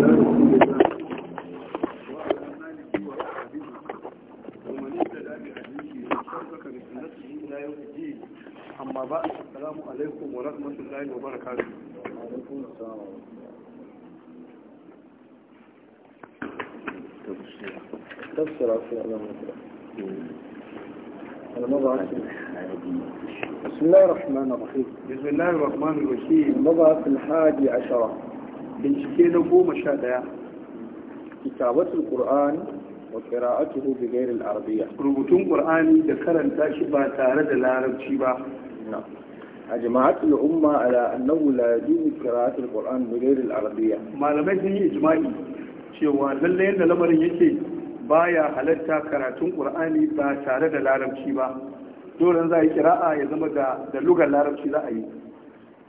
السلام عليكم ورحمة الله وبركاته وعليكم السلام بسم الله الرحمن الرحيم بسم الله الرحمن الرحيم المبعث الحادي عشرة bincike na goma sha ɗaya kitabatul qur'an wa qira'atuhu bi ghayri al-arabiyya rubutun qur'ani da karanta shi ba tare da larabci ba A أجمعت الأمة على أنه لا يجوز قراءة القرآن بغير العربية. ما لم yi إجماعي cewa lallai yadda lamarin yake baya halatta karatun qur'ani ba tare da larabci ba dole za a yi kira'a ya zama da lugar larabci za a yi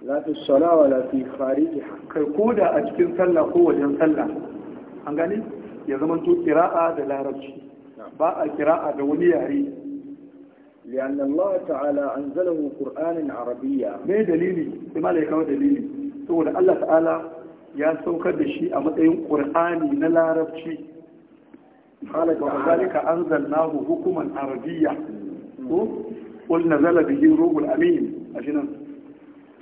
la fi sala wa la fi kharijiha kai ko da a cikin sallah ko wajen sallah an gani ya zama to qira'a da larabci ba a qira'a da wani yare لأن الله تعالى أنزله قرآنا عربيا ما دليلي ما لا يكون دليلي سوى الله تعالى يا سوك دشي أما تيم قرآني نلا ربشي قال وذلك أنزلناه حكما عربيا قل نزل به روح الأمين عشان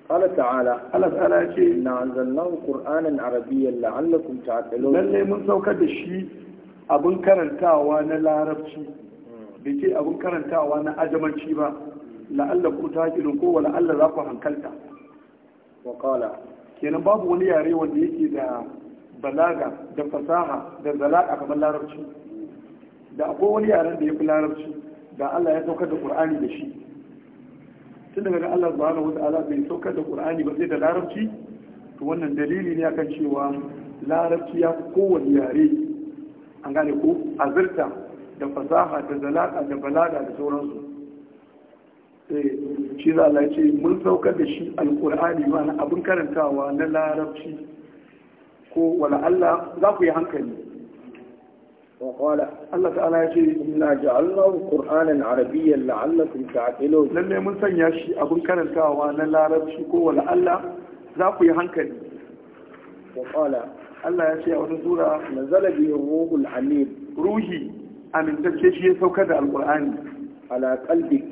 قال تعالى Allah ta'ala ya ce na anzalnahu qur'anan arabiyyan la'allakum ta'qilun lalle mun saukar da shi abun karantawa na larabci da ke abun karantawa na ajamanci ba la'allakum ta'qilun ko wala Allah za ku hankalta wa qala kenan babu wani yare wanda yake da balaga da fasaha da zalaka kamar larabci da akwai wani yaren da ya fi larabci da Allah ya saukar da qur'ani da shi tun daga Allah subhanahu wa ta'ala bai saukar da Qur'ani ba sai da larabci to wannan dalili ne akan cewa larabci ya kowane yare an gane ko azurta da fasaha da zalaka da balaga da sauransu eh, shi za a ce mun saukar da shi alkur'ani ma na abin karantawa na larabci ko wala Allah za ku yi hankali وقال الله تعالى يجي إنا جعلناه قرآنا عربيا لعلكم تعقلون لما من سن ياشي أبن كان الكاوى لا ربشي قوة لألا ذاكو يهنكني وقال الله يجي أبن سورة نزل به الروح العليم روحي أمن تشيشي سوكذا القرآن على قلبك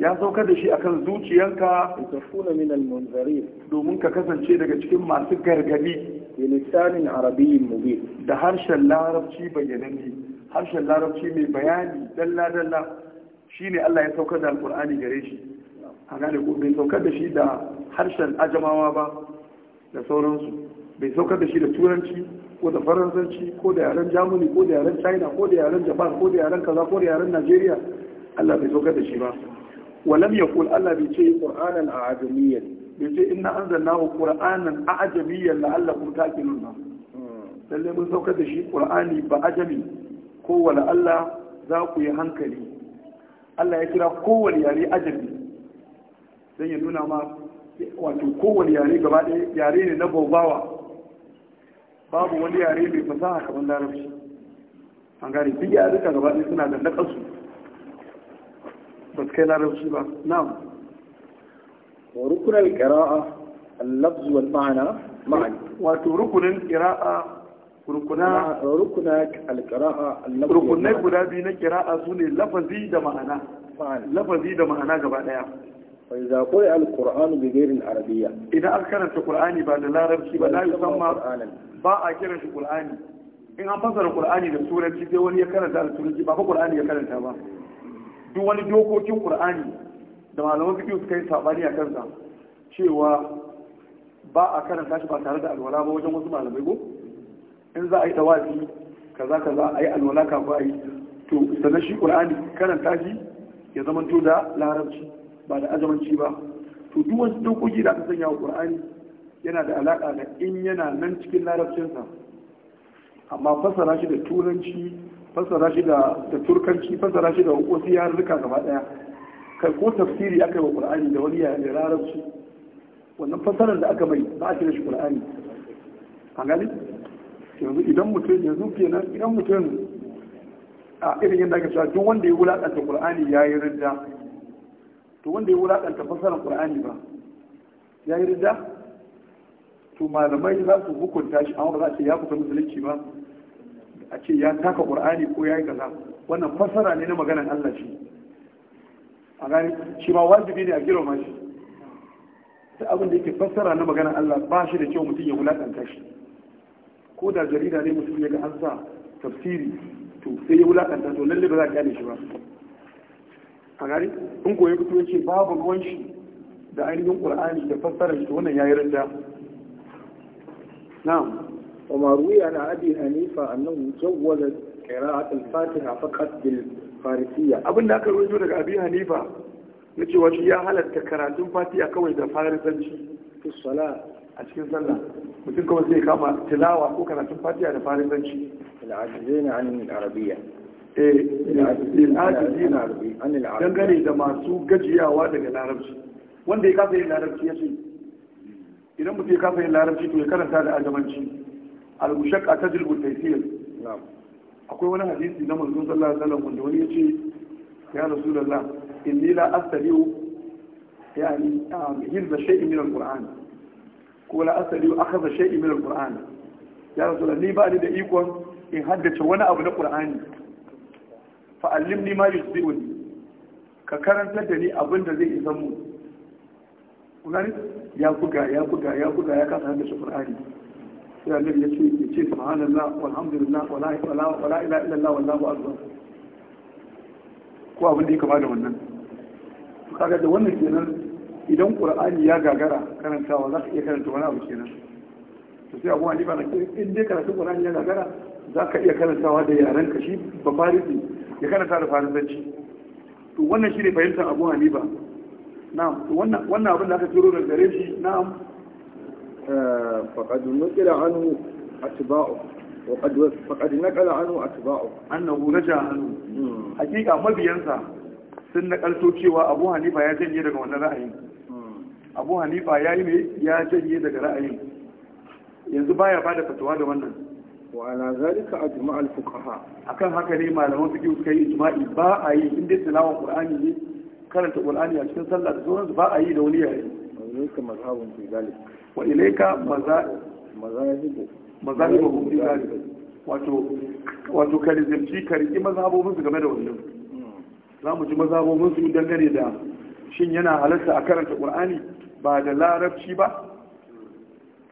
ya saukar da shi akan zuciyanka tafuna min al domin ka kasance daga cikin masu gargadi bilisanin arabiyyin mubin da harshen larabci bayyananne harshen larabci mai bayani dalla dalla shine Allah ya saukar da Alkur'ani gare shi a gane ko bai saukar da shi da harshen ajamawa ba da sauransu bai saukar da shi da turanci ko da faransanci ko da yaren jamuni ko da yaren china ko da yaren japan ko da yaren kaza ko da yaren najeriya allah bai saukar da shi ba walam yaqul Allah bai ce qur'anan ajamiyyan bai ce inna anzalnahu qur'anan ajamiyyan la'allakum taqilun lalle mun saukar da shi qur'ani ba ajami ko wala Allah za ku yi hankali Allah ya kira kowane yare ajami dan nuna ma wato kowane yare gaba yare ne na baubawa babu wani yare mai fasaha kamar larabci an gane duk yare ka suna da nakasu ba su kai larabci ba na'am wato rukunin qira'a rukuna guda biyu na da ma'ana da ma'ana gaba daya فإذا قرأ القرآن بغير العربية إذا أكرت القرآن بعد لا ربشي ولا يسمى باء أكرت القرآن إن أنفسر القرآن للسورة جديا ولي أكرت القرآن يكرت هذا duk wani dokokin ƙur'ani da malaman fiqh suka yi sabani a kansa cewa ba a karanta shi ba tare da alwala ba wajen wasu malamai ko in za a yi tawafi kaza kaza a yi alwala kafin a yi to sannan shi ƙur'ani karanta shi ya zama to da larabci ba da azamanci ba to duk wani dokoki da aka sanya wa Kur'ani yana da alaƙa da in yana nan cikin larabcinsa amma fasara shi da turanci fassara shi da turkanci fassara shi da wasu yarurruka gaba daya kai ko tafsiri aka yi wa qur'ani da wani yare larabci wannan fassarar da aka mai ba a da shi qur'ani a gani yanzu idan mutum yanzu kenan idan mutum a irin yadda aka cewa duk wanda ya wulaƙanta qur'ani ya yi ridda to wanda ya wulaƙanta fassarar qur'ani ba ya yi ridda to malamai za su hukunta shi amma ba za su ya fita musulunci ba a ce ya taka ƙur'ani ko ya yi gaza wannan fassara ne na maganar Allah shi a gani shi ba wajibi ne a girma shi Ta abin da yake fassara na maganar Allah ba shi da kyau mutum ya wulaƙanta shi ko da jarida ne mutum ya ga an sa tafsiri to sai ya wulaƙanta to lalle ba za a gane shi ba a gani in ko ya fito ya ce babu ruwan shi da ainihin ƙur'ani da fassara shi to wannan ya yi rinda na'am وما روي عن أبي حنيفة أنه جوز قراءة الفاتحة فقط بالفارسية أبن ذاك الوجه لك أبي حنيفة نجي وجه يا هل التكرات فاتحة كوي ذا فارسي في الصلاة أشكي صلى mutum kuma zai kama tilawa ko karatun fatiha da farisanci al'ajizina an arabiya eh al'ajizina an arabiya dangane da masu gajiyawa daga larabci wanda ya kafa yin larabci ya ce idan mutum ya kafa yin larabci to ya karanta da ajamanci al-mushaqqa tajlibu al-taysir akwai wani hadisi na manzon sallallahu alaihi wasallam wanda wani yace ya rasulullah inni la astadiu yani um, hirza shay'in min al-qur'an ko la astadiu akhadha shay'in min al-qur'an ya rasulullah ni ba ni da ikon in haddace wani abu na qur'ani fa allimni ma yusbiuni ka karanta da ni abin da zai isa mu ya buga ya buga ya buga ya kasa haddace qur'ani sai annabi ya ce ya ce subhanallah walhamdulillah wala ilaha illallah wallahu akbar ko abin da ya kama da wannan kaga da wannan kenan idan qur'ani ya gagara karantawa za ka iya karanta wani abu kenan to sai abu hanifa na in dai karatun qur'ani ya gagara za ka iya karantawa da yaren ka shi ba farisi ya karanta da farisanci to wannan shi ne fahimtar abu hanifa na'am wannan abin da aka turo daga gare shi na'am فقد نقل عنه أتباعه وقد فقد نقل عنه أتباعه أنه رجع عنه حقيقة ما بينسى sun nakalto cewa abu hanifa ya janye daga wannan ra'ayin abu hanifa ya yi mai ya janye daga ra'ayin yanzu baya ba da fatawa da wannan wa ala zalika ajma al fuqaha akan haka ne malaman suke suka yi ijma'i ba a yi inda tilawa qur'ani ne karanta qur'ani a cikin sallah da sauransu ba a yi da wani yare ilaika mazhabun fi zalik wa ilaika mazahibu mazahibu fi zalik wato wato karizimci kariki mazhabobin su game da wannan za mu ji mazhabobin su dangane da shin yana halarta a karanta qur'ani ba da larabci ba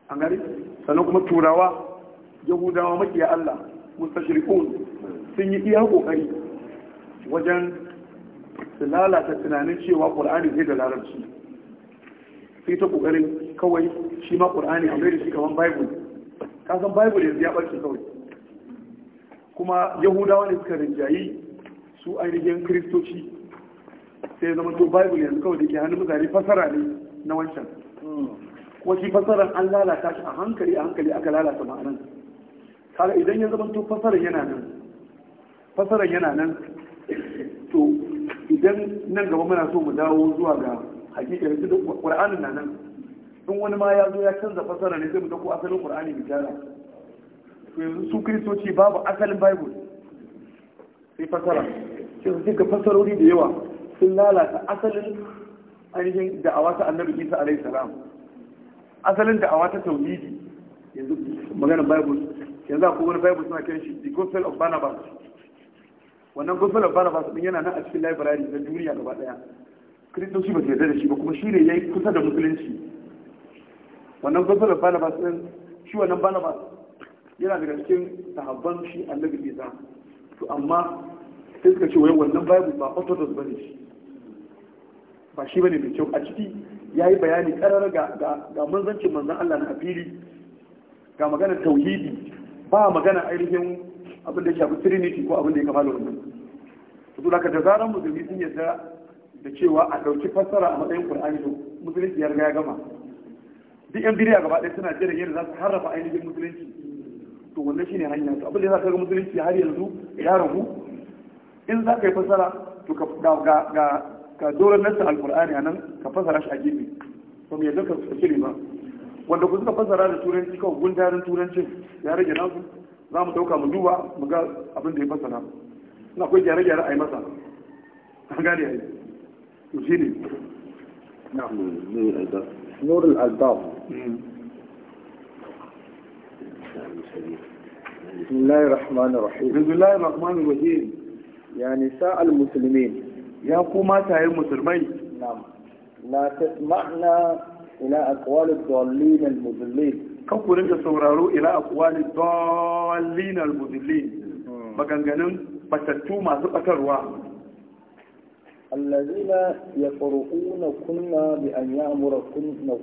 an gari sannan kuma turawa yahudawa makiya Allah mustashriqun sun yi iya kokari wajen su lalata tunanin cewa qur'ani zai da larabci sai ta kokarin kawai shi ma qur'ani a mai da shi kaman bible ka san bible yanzu ya barke kawai kuma yahudawa ne suka rinjayi su ainihin kristoci sai zama to bible yanzu kawai da ke hannun mutane fasara ne na wancan kuma shi fasaran an lalata shi a hankali a hankali aka lalata ma'anan kaga idan ya zama to fasaran yana nan fasaran yana nan to idan nan gaba muna so mu dawo zuwa ga hakika yanzu duk qur'anin na nan in wani ma ya zo ya canza fasara ne sai mu dauko asalin qur'ani mu gyara to yanzu su kristoci babu asalin bible sai fasara sai su cika fasarori da yawa sun lalata asalin ainihin da'awa ta annabi isa alaihi salam asalin da'awa ta tauhidi yanzu maganar bible yanzu akwai wani bible suna kiran shi the gospel of barnabas wannan gospel of barnabas din yana nan a cikin library na duniya gaba daya kiristoci ba su yarda da shi ba kuma shi ne ya yi kusa da musulunci wannan gwazon barnabas ɗin shi wannan barnabas yana daga cikin sahabban shi annabi isa to amma sai suka ce wai wannan bible ba orthodox ne shi ba shi ba ne mai kyau a ciki ya yi bayani karar ga manzancin manzan Allah na afili ga magana tauhidi ba magana ainihin abin da ya shafi trinity ko abin da ya kama da wannan da ka da zaran musulmi sun da cewa a ɗauki fassara a matsayin Qur'ani to musulunci ya riga ya gama duk yan biriya gaba ɗaya suna jiran yadda za su harrafa ainihin musulunci to wannan shine hanya to abin da za ka ga musulunci har yanzu ya ragu in za ka yi fassara to ka ga ga ka doron nasa a nan ka fassara shi a gefe to me yadda ka kire ba wanda ku suka fassara da turanci kawai gundarin turancin ya rage nasu za mu dauka mu duba mu ga abin da ya fassara ina akwai gyare-gyare a yi masa an gane a yi جلد نعم نور الألباب بسم الله الرحمن الرحيم بسم الله الرحمن الرحيم يعني ساء المسلمين يا قوما تاي المسلمين نعم لا تسمعنا إلى أقوال الضالين المضلين كفر أنت سورارو إلى أقوال الضالين المضلين بس فتتو ما سبتروا الذين يفرقون كنا بأن يأمر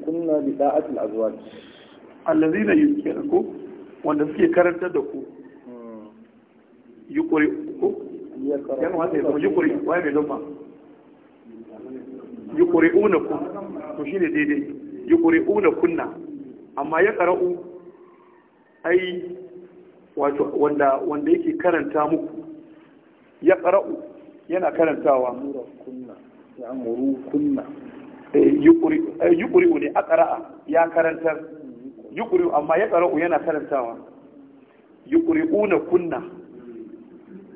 كنا بطاعة الأزواج الذين يذكركم wanda da ku yukuri ku yan ya yukuri waye mai lumma yukuri una ku to shine daidai kunna amma ya qara'u wanda wanda yake karanta muku ya qara'u yana karantawa yuƙuri'u ne a ya karantar mm-hmm. yuƙuri'u amma ya ƙara'u yana karantawa yuƙuri'u na kunna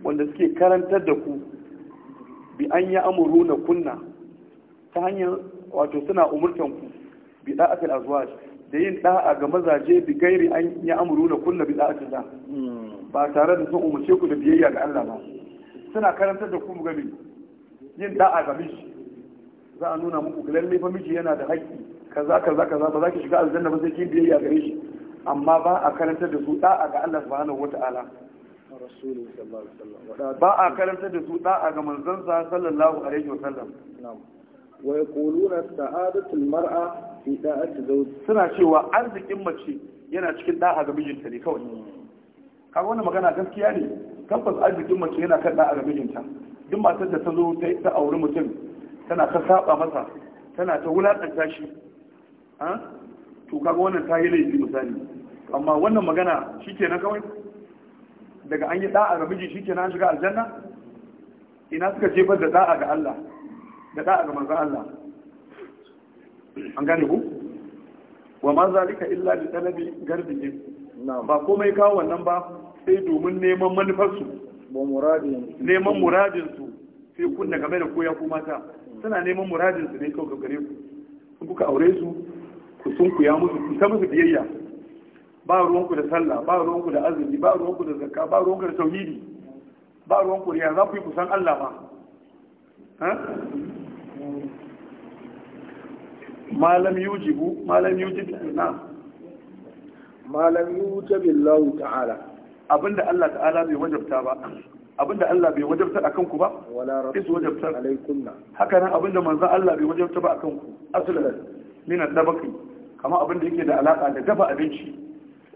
wanda suke karantar da ku bi an yi amuru na kunna ta hanyar wato suna umurtan ku bi da'atul azwaj da yin ɗa'a ga mazaje bi gairi an yi amuru na kunna bi da'atul da mm. ba tare da sun umurce ku da biyayya ga Allah ba suna karantar da ku mu yin da'a ga miji za a nuna muku lalle fa miji yana da haƙƙi kaza kaza kaza ba za ki shiga aljanna ba sai kin biyayya ga shi amma ba a karantar da su da'a ga Allah subhanahu wata'ala ba a karantar da su da'a ga manzon sa sallallahu alaihi wasallam wa yaquluna sa'adatul mar'a fi da'ati zawj suna cewa arzikin mace yana cikin da'a ga mijinta ne kawai kaga wannan magana gaskiya ne tabbas arzikin mace yana kan a mijinta duk matar da ta zo ta auri mutum tana ta saba masa tana ta wulaƙanta shi to kaga wannan ta yi laifi misali amma wannan magana shi kenan kawai daga an yi da'a ga miji shi kenan an shiga aljanna ina suka jefar da da'a ga Allah da da'a ga manzon Allah an gane ku wa ma zalika illa li talabi garbi ba komai kawo wannan ba sai domin neman manufarsu neman muradinsu sai kunna game da koya ku mata suna neman muradinsu ne kawai gare ku sun kuka aure su ku sun kuya musu ku ta musu biyayya ba ruwanku da sallah ba ruwanku da azumi ba ruwanku da zakka ba ruwanku da tauhidi ba ruwanku ya za ku yi kusan Allah ba malam yujibu malam yujibu na malam yuta billahu ta'ala abinda Allah ta'ala bai wajabta ba abinda Allah bai wajabta akan ku ba wala rasul wajabta haka nan abinda manzo Allah bai wajabta ba akan ku aslan min adabaki kama abinda yake da alaka da dafa abinci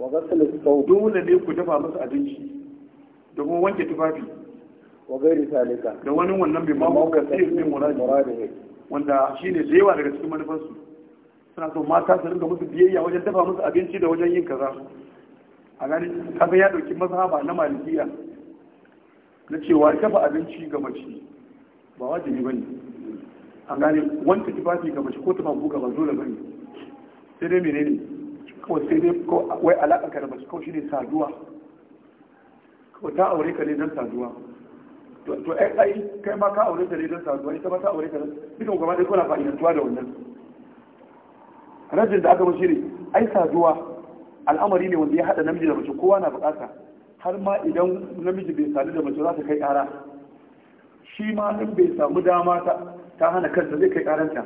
wa ghasl as-sawd dole ne ku dafa musu abinci domin wanke tufafi wa gairi salika da wani wannan bai ma mu kasir min muradi wanda shine da yawa daga cikin manufansu suna so mata su rinka musu biyayya wajen dafa musu abinci da wajen yin kaza a gani kaga ya dauki mazhaba na malikiya na cewa dafa abinci ga mace ba wajibi bane a gani wanda tufafi ga mace ko tufafu ga ba da bane sai dai menene kawai sai dai ko wai alaka ka da mace kawai shine saduwa ko ta aure ka ne don saduwa to ai kai ma ka aure ka ne don saduwa ita ma ta aure ka ne duka gaba dai kuna fa'idantuwa da wannan rajin da aka mashi ne ai saduwa al'amari ne wanda ya haɗa namiji da mace kowa na bukata har ma idan namiji bai sadu da mace za ta kai ƙara shi ma in bai samu dama ta hana kansa zai kai ƙaranta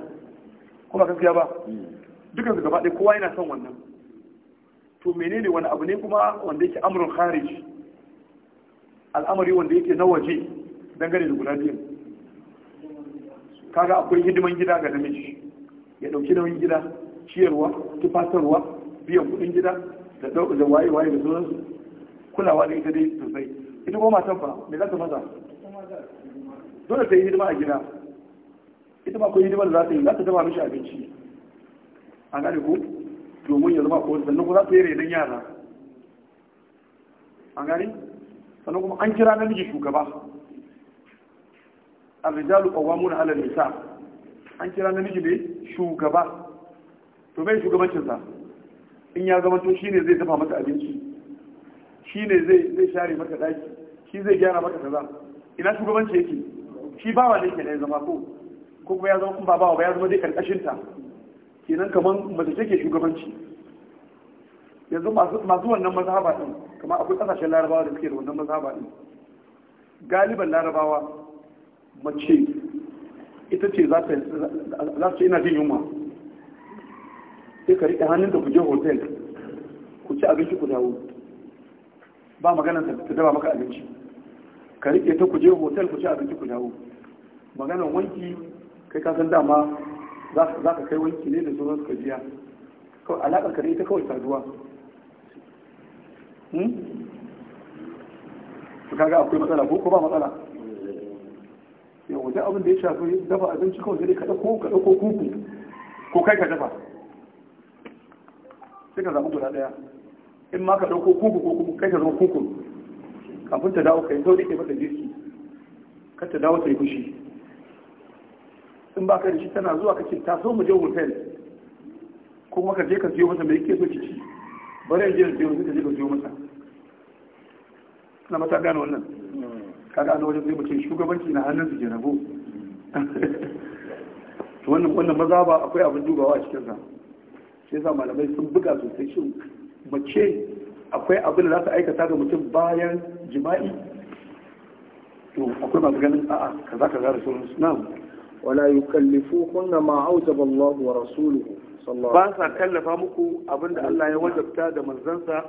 kuma gaskiya ba dukkan su gaba ɗaya kowa yana son wannan to menene wani abu ne kuma wanda yake amrun kharij al'amari wanda yake na waje dangane da guda biyu kaga akwai hidiman gida ga namiji ya ɗauki nauyin gida ciyarwa tufatarwa biyan kuɗin gida da da waye waye da sauransu kulawa da ita dai sosai ita kuma matan fa me za ta maza dole ta yi hidima a gida ita ma ko hidima da za ta yi za ta dafa mishi abinci a gane ko domin ya zama kowace sannan kuma za ta yi renon yara a gane sannan kuma an kira namiji shugaba الرجال na halar nisa an kira namiji ne shugaba to mai shugabancinsa in ya zama to shine zai dafa maka abinci shine zai zai share maka daki shi zai gyara maka kaza ina shugabanci yake shi ba ne ke da ya zama ko ko kuma ya zama kun ba ba ya zama dai karkashin ta kenan kaman mace take shugabanci yanzu masu wannan mazhaba din kamar akwai kasashen larabawa da suke da wannan mazhaba din galiban larabawa mace ita ce za ta ina jin yunwa sai ka riƙe hannun da ku je hotel ku ci abinci ku dawo ba magana ta daba maka abinci ka riƙe ta ku je hotel ku ci abinci ku dawo maganar wanki kai ka san dama za ka kai wanki ne da sauran ka jiya kawai alaƙar ka da ita kawai saduwa su hmm? kaga akwai matsala ko ko ba matsala yau wajen abin da ya shafi dafa abinci kawai da ka ɗauko ka ɗauko kuku ko kai ka dafa sai ka zama guda daya in ma ka dauko kuku ko kuma kai ka zama kuku kafin ta dawo kai dole ke mata jiki kar ta dawo ta yi fushi in ba ka da shi tana zuwa kace ta so mu je hotel ko kuma ka je ka siyo mata mai ke so ki ci bari in je in siyo ka je ka siyo mata na mata gane wannan ka gane wajen zai mace shugabanci na hannun su ke rabo wannan maza ba akwai abin dubawa a cikin sa sai sa malamai sun buga sosai shi mace akwai abin da za su aikata ga mutum bayan jima'i to akwai masu ganin a'a kaza kaza da sauransu nan wala kunna ma awjaba Allahu wa rasuluhu ba sa kallafa muku abin da Allah ya wajabta da manzansa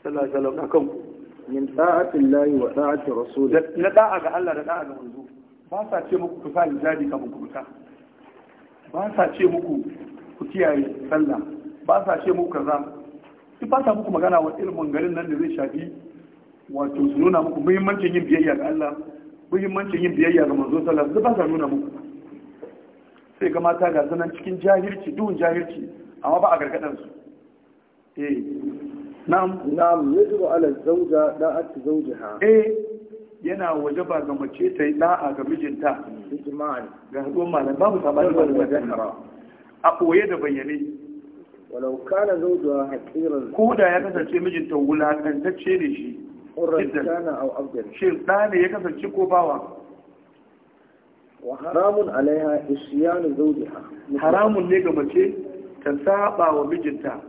sallallahu alaihi wasallam akan ku min ta'ati lahi wa ta'ati rasuluhu na da'a ga Allah da da'a ga manzo ba sa ce muku ku sa hijabi kamar ku ta ba sa ce muku ku kiyaye sallah ba sa ce muku kaza su ba sa muku magana wa ilmin garin nan da zai shafi wato su nuna muku muhimmancin yin biyayya ga Allah muhimmancin yin biyayya ga manzo sallallahu alaihi wasallam ba sa nuna muku sai ga mata ga sanan cikin jahilci duhun jahilci amma ba a gargadan su eh na'am na'am yajibu ala zawja da'at zawjiha eh yana waje ba ga mace ta yi da'a ga mijinta ijma'an ga hukumar babu sabani ba da a koye da bayyane walau kana a haqiran ko da ya kasance mijinta wulakantacce ne shi hurran shin ya kasance ko bawa haramun ne ga mace ta saba wa mijinta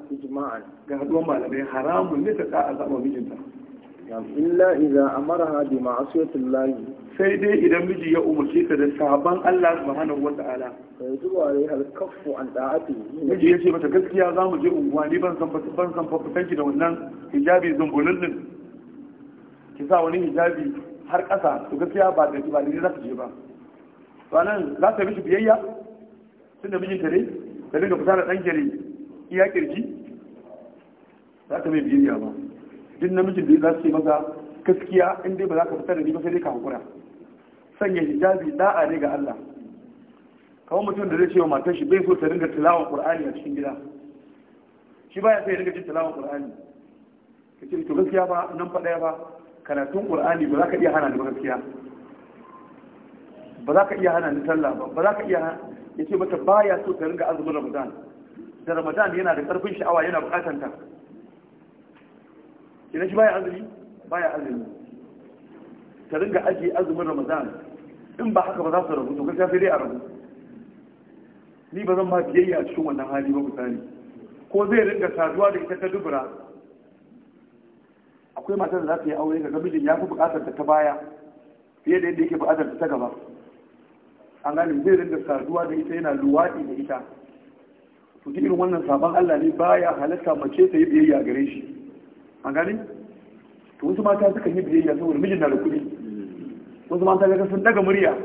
ga haɗuwan malamai haramun ne ta saba wa mijinta illa idza amaraha bi ma'asiyati Allah sai dai idan miji ya umarci ka da saban Allah subhanahu wa ta'ala sai zuwa ya halkafu an da'ati miji ya ce mata gaskiya za mu je unguwa ni ban san ban san fafutan ki da wannan hijabi zumbulun din ki sa wani hijabi har ƙasa to gaskiya ba da ba ne za ka je ba ranan za ka miki biyayya tunda mijinta ne da dinga fita da dan gari iya kirji za ka mai biyayya ba duk namijin da za su yi maza gaskiya in dai ba za ka fitar da ni ba sai dai ka hukura sanya hijabi da'a ne ga Allah kawai mutum da zai ce wa matar shi bai so ta ringa tilawan qur'ani a cikin gida shi baya sai ya ringa jin tilawan qur'ani kace to gaskiya ba nan fa daya ba karatun qur'ani ba za ka iya hana ni ba gaskiya ba za ka iya hana ni sallah ba ba za ka iya yace mata baya so ta ringa azumin ramadan da ramadan yana da karfin sha'awa yana bukatanta ta kina shi baya azumi baya azumi ka ringa ajiye azumin ramadan in ba haka ba za su rabu to gaskiya sai dai a rabu ni ba zan ba biyayya a cikin wannan hali ba misali ko zai ringa saduwa da ita ta dubura akwai matar da za ta yi aure ga mijin ya fi bukatar ta baya fiye da yadda yake bukatar ta gaba an gani zai ringa saduwa da ita yana luwaɗi da ita to irin wannan sabon Allah ne baya halatta mace ta yi biyayya gare shi an gani to wasu mata suka yi biyayya saboda mijin na da kuɗi wasu mata ga sun daga murya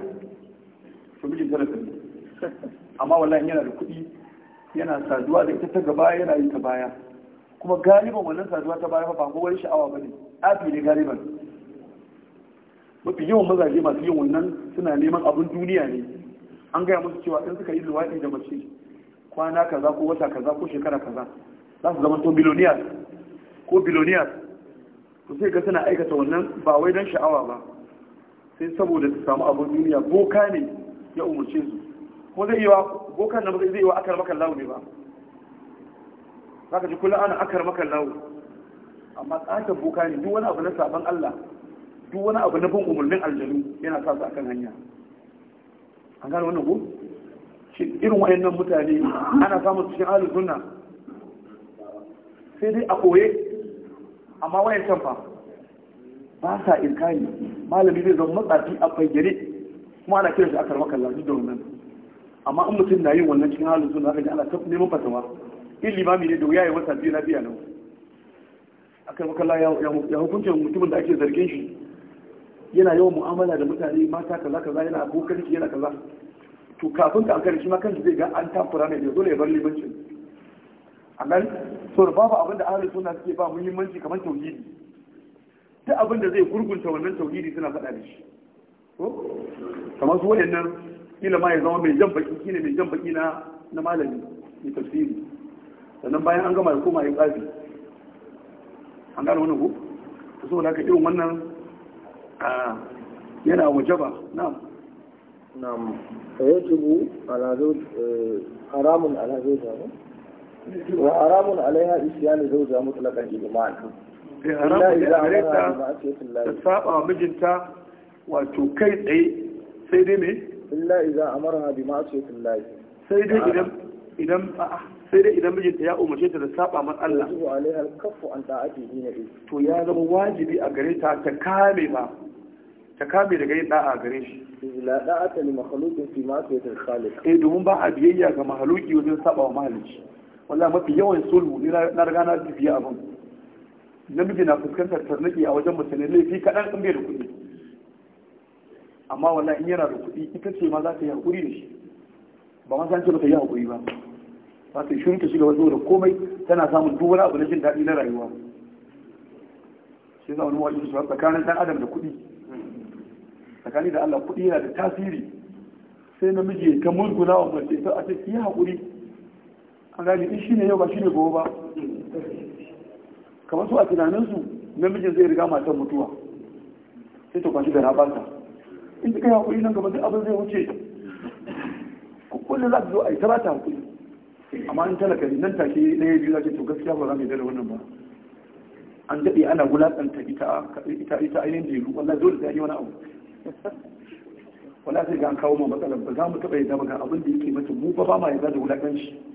to mijin tana sani amma wallahi yana da kuɗi yana saduwa da ita ta gaba yana yi ta baya kuma galiban wannan saduwa ta baya ba kowar sha'awa ba ne afi ne galiban mafi yawan mazaje masu yin wannan suna neman abin duniya ne an gaya musu cewa in suka yi luwaɗi da mace kwana kaza ko wata kaza ko shekara kaza za su zama to miliyoniya ko billionaires to sai ga suna aikata wannan ba wai don sha'awa ba sai saboda su samu abin duniya boka ne ya umarce su ko zai yi wa boka na zai yi wa akar makan lawo ne ba zaka ji kullum ana akar makan lawo amma tsakin boka ne duk wani abu na saban Allah duk wani abu na bin umarnin aljanu yana sa su akan hanya an gane wannan ko shi irin wayannan mutane ana samun cikin ahlus sunna sai dai a koye amma wayan can fa ba sa irkani malami zai zama matsafi a fayyare kuma ana kiran shi akar makalla duk da wannan amma in mutum na yin wannan cikin halin suna zaka ana ta neman fatawa in limami ne da wuya ya wata biyu na biya nan akar makalla ya hukunce mutumin da ake zargin shi yana yawan mu'amala da mutane mata kaza kaza yana abokan yana kaza to kafin ka an kare shi ma kanshi zai ga an tafura ne da dole ya bar limancin a nan da babu abin da ahalin suna suke ba muhimmanci kamar tauhidi duk abin da zai gurgunta wannan tauhidi suna faɗa da shi ko kamar su wayannan kila ma ya zama mai jan baki shine mai jan baki na na malami mai tafsiri sannan bayan an gama ya koma ya tsafi an gane wannan ko to saboda haka irin wannan yana wajaba na'am na'am fa yajibu ala eh, haramun ala zawji wa haramun alaiha isyanu zauja mutlaqan ijma'an eh, haramun ne a gare ta ta saba mijinta wato kai tsaye sai dai me illa idan amarha bi ma'asiyatin lahi sai dai idan idan sai dai idan mijinta ya umarce ta da saba man Allah yajibu alaiha kaffu an ta'atihi ne to ya zama wajibi a gare ta ta kame ba ta kame daga yin da'a gare shi la da'ata li makhluqin fi ma'siyatil khaliq eh domin ba a biyayya ga mahaluki wajen saba wa mahalici wallahi mafi yawan sulhu ni na riga na tafiya abin namiji na fuskantar tarnaki a wajen musulmi laifi kaɗan in bai da kuɗi amma wallahi in yana da kuɗi ita ce ma za ta yi haƙuri da shi ba ma san ce ba yi haƙuri ba ba ta shirin ta shiga wasu da komai tana samun duk wani abu na jin daɗi na rayuwa shi za wani wajen su tsakanin ɗan adam da kuɗi tsakani da Allah kuɗi yana da tasiri sai namiji ta murguna wa mace ta a ce ki haƙuri an gane in shine yau ba shine gobe ba kamar su a tunaninsu namijin zai riga matan mutuwa sai ta kwanci da na rabanta in ta kai hakuri nan gaba duk abin zai wuce kullum za ta zo a yi ta ba ta hakuri amma in talaka ne nan take na yi biyu za ta to gaskiya ba za mu yi da wannan ba an daɗe ana wulaƙanta ita ita ainihin jelu wallahi dole sai an yi wani abu wala sai ga an kawo ma matsalar ba za mu taɓa yadda ba ga abin da yake mata mu ba ba ma yadda da wulaƙanci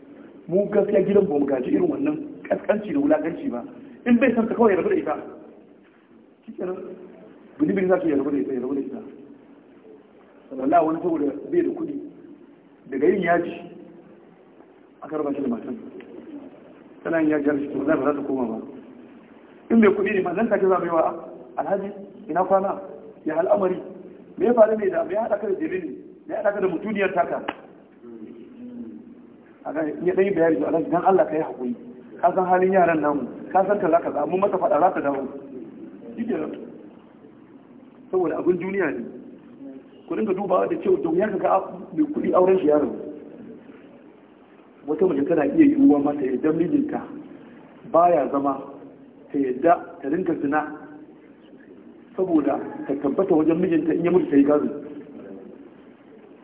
mu gaskiya gidan ba mu gaji irin wannan kaskanci da wulakanci ba in bai san ta kawai rabu da ita kikenan bini za za ta rabu da ita rabu da ita wallahi wani saboda bai da kuɗi daga yin yaji aka raba shi da matan tana yin yaji har shi to za ta koma ba in bai kuɗi ne ma zan take za mai wa alhaji ina kwana ya al'amari me ya faru ne da me ya haɗa ka da jeli ne me ya haɗa ka da mutuniyar taka ya ɗaya bayani da alaji don Allah ka yi haƙuri ka san halin yaran namu ka san za kaza mun mata faɗa za ka dawo saboda abin duniya ne ku dinga dubawa da cewa da yanka ga mai kuɗi auren shi yaron wata mace tana iya yiwuwa mata yadda mijinta baya zama ta yadda ta rinka zina saboda ta tabbata wajen mijinta in ya mutu ta yi gazu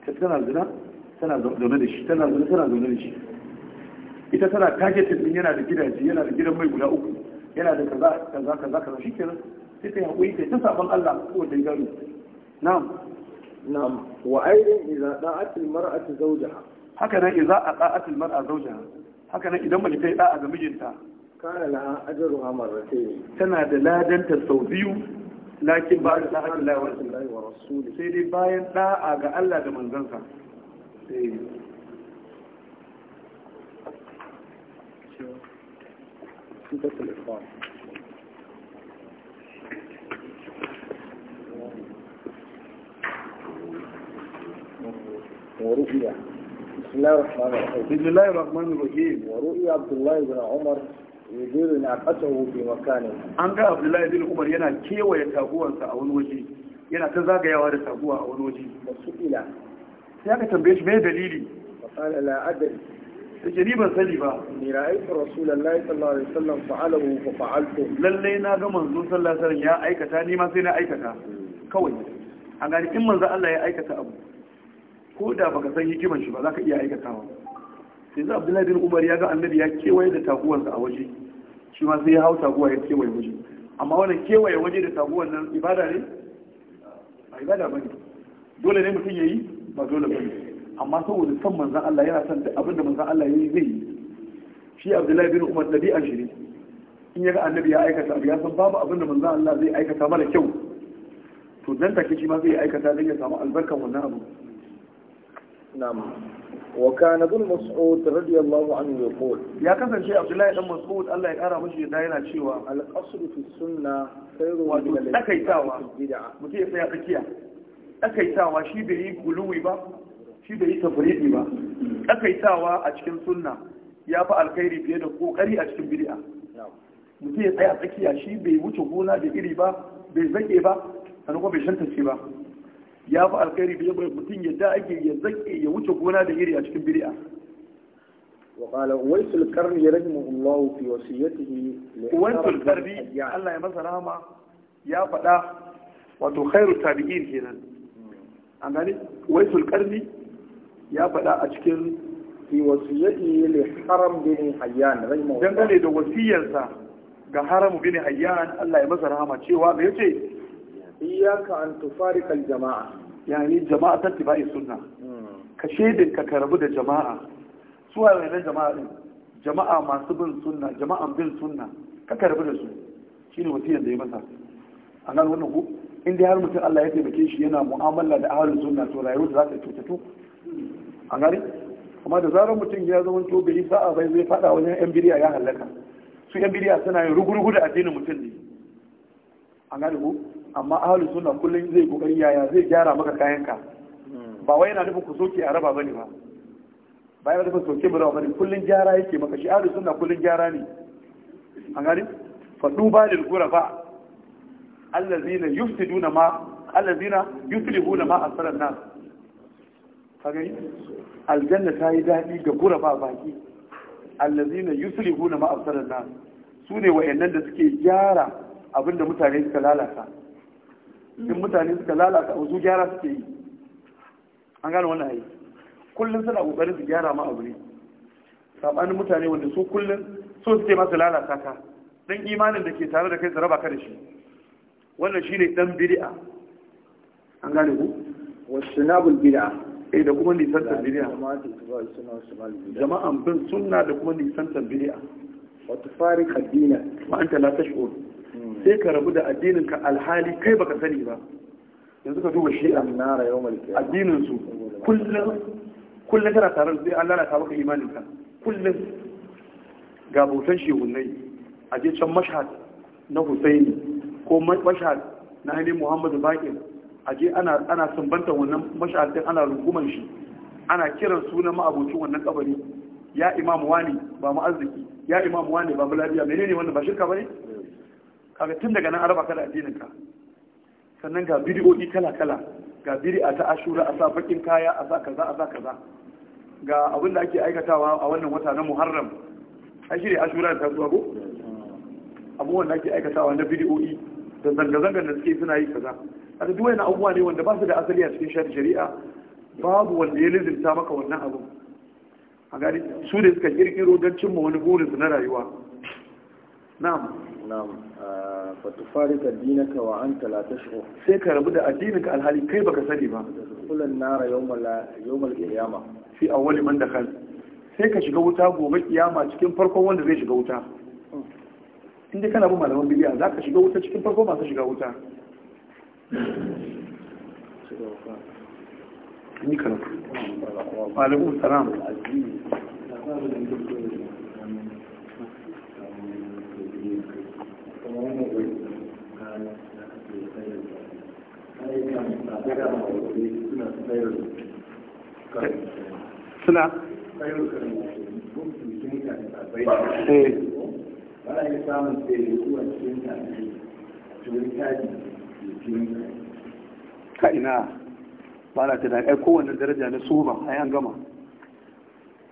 ta tana zina tana zaune da shi tana zaune tana zaune da shi ita tana targetin din yana da gidaje yana da gidan mai guda uku yana da kaza kaza kaza kaza shikenan sai ta hakuri kai ta saban Allah ko da gado na'am na'am wa aidin idza da'at al-mar'atu zawjaha haka nan idza aqa'at al-mar'a zawjaha haka nan idan mace ta yi da'a ga mijinta kana laha ajruha marratayn tana da ladanta sau biyu lakin ba da ta'ala wa rasulullahi wa rasuli sai dai bayan da'a ga Allah da manzansa ورؤيا بسم الله الرحمن الرحيم بسم الله الرحمن الرحيم ورؤيا عبد الله بن عمر يدير ناقته في مكانه an ga Abdullahi bin Umar yana kewaye taguwarsa a wani waje yana ta zagayawa da taguwa a wani waje da su ila sai aka tambaye shi mai dalili qala la adri ni ban sani ba ni ra'aytu rasulullahi sallallahu alaihi wasallam fa'alahu fa fa'altu lalle na ga manzo sallallahu alaihi wasallam ya aikata ni ma sai na aikata kawai a gani in manzo Allah ya aikata abu ko da baka san hikiman shi ba zaka iya aikatawa sai za Abdullahi bin Umar ya ga annabi ya kewaye da taguwarsa a waje shi ma sai ya hau taguwa ya kewaye waje amma wannan kewaye waje da taguwar nan ibada ne a ibada ba ne. dole ne mutum ya yi ba dole ba amma saboda son manzan Allah yana son abinda manzan Allah ya yi zai yi shi abdullahi bin umar da bi'an shiri in ya ga annabi ya aikata abu ya san babu abinda manzan Allah zai aikata mara kyau to dan take shi ma zai aikata don ya samu albarkan wannan abu na'am wa kana bin mas'ud radiyallahu anhu yaqul ya kasance abdullahi dan mas'ud Allah ya kara mishi da yana cewa al-qasr fi sunna khairu min al-bid'ah mutum ya tsaya tsakiya takaitawa shi bai yi guluwi ba shi bai yi tafridi ba takaitawa a cikin sunna ya fi alkhairi fiye da kokari a cikin bid'a mutum ya tsaya tsakiya shi bai wuce gona da iri ba bai zake ba sannan kuma bai shantace ba ya fi alkhairi fiye da mutum ya da ake ya zake ya wuce gona da iri a cikin bid'a وقال ويس القرن رحمه الله في وصيته ويس القرن الله يمسى رحمه يا فدا وتخير التابعين هنا an wai sulkarni ya faɗa a cikin fi wasiyyati li haram bin hayyan rahimahu dangane da wasiyyarsa ga haram bin hayyan Allah ya masa rahama cewa me yace iyyaka an tufarika al jama'a yani jama'a ta tibai sunna hmm. ka shedin ka karabu da jama'a su waye ne jama'a din jama'a masu bin sunna jama'an bin sunna ka karabu da su shine wasiyar da ya masa an wannan ku in dai har mutum Allah ya taimake shi yana mu'amala da ahalin sunna to rayuwar za ta tutatu an gari amma da zarar mutum ya zama to bai a bai zai fada wajen yan biriya ya halaka su yan biriya suna yin rugurugu da addinin mutum ne an gari ko amma ahalin sunna kullum zai kokari yaya zai gyara maka kayan ka ba wai yana nufin ku soke a raba bane ba ba yana nufin soke mu raba bane kullum gyara yake maka shi ahalin sunna kullum gyara ne an gari fa duba lil ghurafa allazina yufsiduna ma allazina yuflihuna ma asran nas kagai aljanna ta yi dadi ga gura ba baki allazina yuflihuna ma asran nas sune wayannan da suke gyara abinda mutane suka lalata in mm. mutane suka lalata a su gyara suke yi an gane wannan ayi kullum suna kokarin su gyara ma abu ne sabanin mutane wanda su kullum so suke masu lalata ka dan imanin da ke tare da kai su raba ka da shi wannan shine dan bid'a an gane ku wasu nabul bid'a eh da kuma nisantar bid'a jama'an bin suna da kuma nisantar bid'a Wata tufariq ad-dina ma anta la tash'ur hmm. sai ka rabu da addininka alhali kai baka sani ba yanzu ka duba shi'a nara yawmal qiyamah addinin su kullum kullum tana tare da an lalata ta maka imanin ka kullum ga bautan shehunai a je can mashhad na Husaini ko mashal na ainihin muhammadu baƙin a je ana sumbanta wannan mashal ɗin ana rungumar shi ana kiran sunan ma'abocin wannan kabari ya imam wani ba mu arziki ya imam wani ba mu lafiya menene wannan ba shirka bane kaga tun daga nan araba kada addinin ka sannan ga bidiyoyi kala kala ga bid'a ta ashura a sa bakin kaya a sa kaza a sa kaza ga abin da ake aikatawa a wannan wata na muharram ai shi ne ashura ta zuwa ko abubuwan da ake aikatawa na bidiyoyi da zanga-zangar da suke suna yi kaza a duwai wani abubuwa ne wanda ba su da asali a cikin shari'a babu wanda ya lizinta maka wannan abu a gari su da suka kirkiro don cimma wani burinsu na rayuwa na'am na'am ah, fa tufarika dinaka wa anta la tash'ur sai ka rabu da ka alhali kai baka sani ba kullun nara yawmal yawmal qiyama fi awwali man dakhal sai ka shiga wuta gobe kiyama cikin farkon wanda zai shiga wuta inda kana bin malaman bidiya za ka shiga wuta cikin farko masu shiga wuta suna iya samun tsere cikin tafi cikin cikin ka ina ba na tunani ai kowane daraja na a ai an gama